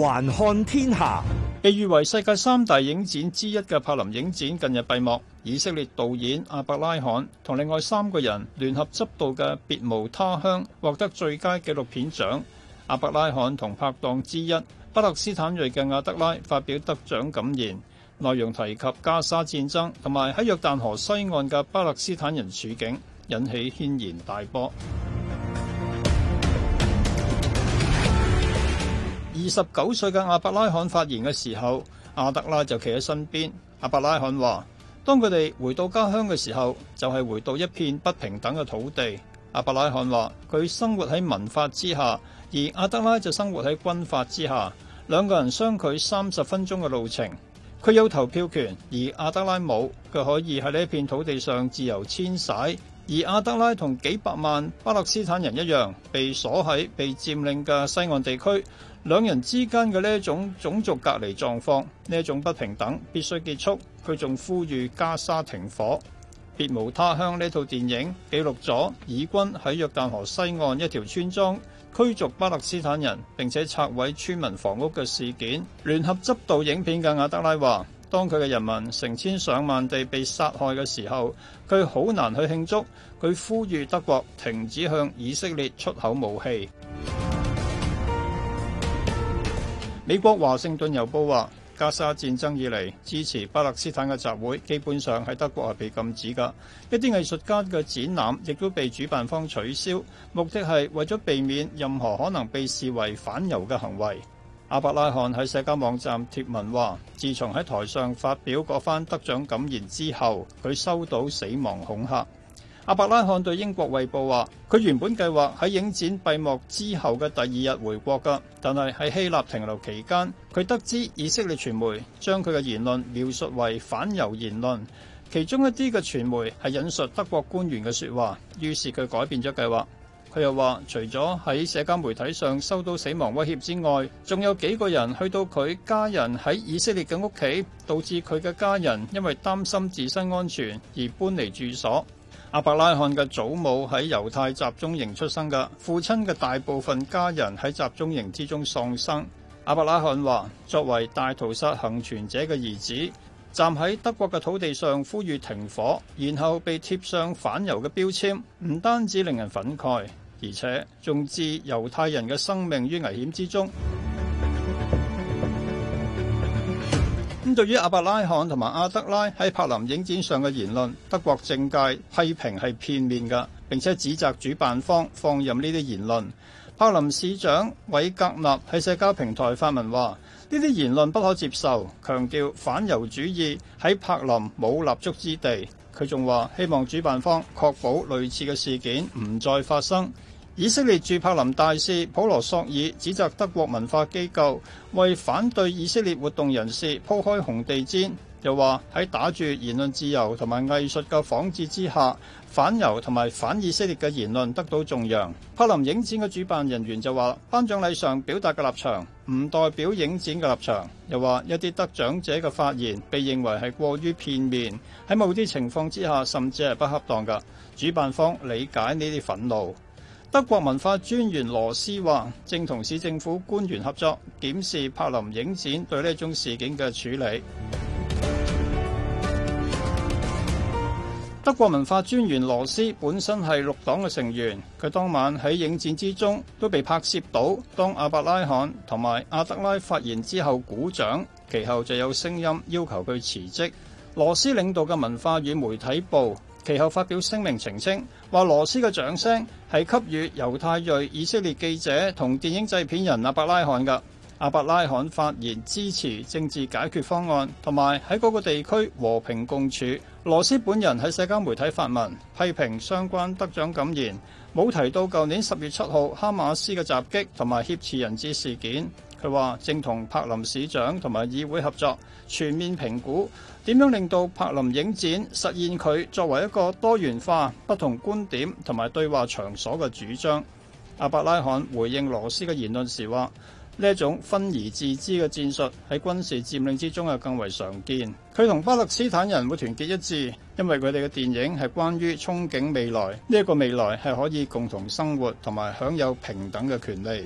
環看天下，被譽為世界三大影展之一嘅柏林影展近日閉幕。以色列導演阿伯拉罕同另外三個人聯合執導嘅《別無他鄉》獲得最佳紀錄片獎。阿伯拉罕同拍檔之一巴勒斯坦裔嘅阿德拉發表得獎感言，內容提及加沙戰爭同埋喺約旦河西岸嘅巴勒斯坦人處境，引起軒然大波。二十九歲嘅阿伯拉罕發言嘅時候，阿德拉就企喺身邊。阿伯拉罕話：當佢哋回到家鄉嘅時候，就係、是、回到一片不平等嘅土地。阿伯拉罕話：佢生活喺民法之下，而阿德拉就生活喺軍法之下。兩個人相距三十分鐘嘅路程，佢有投票權，而阿德拉冇。佢可以喺呢一片土地上自由遷徙。而阿德拉同幾百萬巴勒斯坦人一樣，被鎖喺被佔領嘅西岸地區。兩人之間嘅呢一種種族隔離狀況，呢一種不平等必須結束。佢仲呼籲加沙停火。別無他鄉。呢套電影記錄咗以軍喺約旦河西岸一條村莊驅逐巴勒斯坦人，並且拆毀村民房屋嘅事件。聯合執導影片嘅阿德拉話。當佢嘅人民成千上萬地被殺害嘅時候，佢好難去慶祝。佢呼籲德國停止向以色列出口武器。美國華盛頓郵報話，加沙戰爭以嚟，支持巴勒斯坦嘅集會基本上喺德國係被禁止噶。一啲藝術家嘅展覽亦都被主辦方取消，目的係為咗避免任何可能被視為反猶嘅行為。阿伯拉罕喺社交網站貼文話，自從喺台上發表嗰番得獎感言之後，佢收到死亡恐嚇。阿伯拉罕對英國《衛報》話，佢原本計劃喺影展閉幕之後嘅第二日回國㗎，但係喺希臘停留期間，佢得知以色列傳媒將佢嘅言論描述為反猶言論，其中一啲嘅傳媒係引述德國官員嘅說話，於是佢改變咗計劃。佢又話：除咗喺社交媒體上收到死亡威脅之外，仲有幾個人去到佢家人喺以色列嘅屋企，導致佢嘅家人因為擔心自身安全而搬離住所。阿伯拉罕嘅祖母喺猶太集中營出生嘅，噶父親嘅大部分家人喺集中營之中喪生。阿伯拉罕話：作為大屠殺幸存者嘅兒子。站喺德國嘅土地上呼籲停火，然後被貼上反猶嘅標籤，唔單止令人憤慨，而且仲置猶太人嘅生命於危險之中。咁、 嗯、對於阿伯拉罕同埋阿德拉喺柏林影展上嘅言論，德國政界批評係片面嘅，並且指責主辦方放任呢啲言論。柏林市長韋格納喺社交平台發文話呢啲言論不可接受，強調反猶主義喺柏林冇立足之地。佢仲話希望主辦方確保類似嘅事件唔再發生。以色列駐柏林大使普羅索爾指責德國文化機構為反對以色列活動人士鋪開紅地氈。又話喺打住言論自由同埋藝術嘅幌子之下，反猶同埋反以色列嘅言論得到重揚。柏林影展嘅主辦人員就話：頒獎禮上表達嘅立場唔代表影展嘅立場。又話一啲得獎者嘅發言被認為係過於片面，喺某啲情況之下甚至係不恰當嘅。主辦方理解呢啲憤怒。德國文化專員羅斯話：正同市政府官員合作檢視柏林影展對呢種事件嘅處理。德國文化專員羅斯本身係綠黨嘅成員，佢當晚喺影展之中都被拍攝到，當阿伯拉罕同埋阿德拉發言之後鼓掌，其後就有聲音要求佢辭職。羅斯領導嘅文化與媒體部其後發表聲明澄清，話羅斯嘅掌聲係給予猶太裔以色列記者同電影製片人阿伯拉罕嘅。阿伯拉罕發言支持政治解決方案，同埋喺嗰個地區和平共處。羅斯本人喺社交媒體發文批評相關得獎感言，冇提到舊年十月七號哈馬斯嘅襲擊同埋挾持人質事件。佢話正同柏林市長同埋議會合作，全面評估點樣令到柏林影展實現佢作為一個多元化、不同觀點同埋對話場所嘅主張。阿伯拉罕回應羅斯嘅言論時話。呢種分而治之嘅戰術喺軍事佔領之中又更為常見。佢同巴勒斯坦人會團結一致，因為佢哋嘅電影係關於憧憬未來，呢個未來係可以共同生活同埋享有平等嘅權利。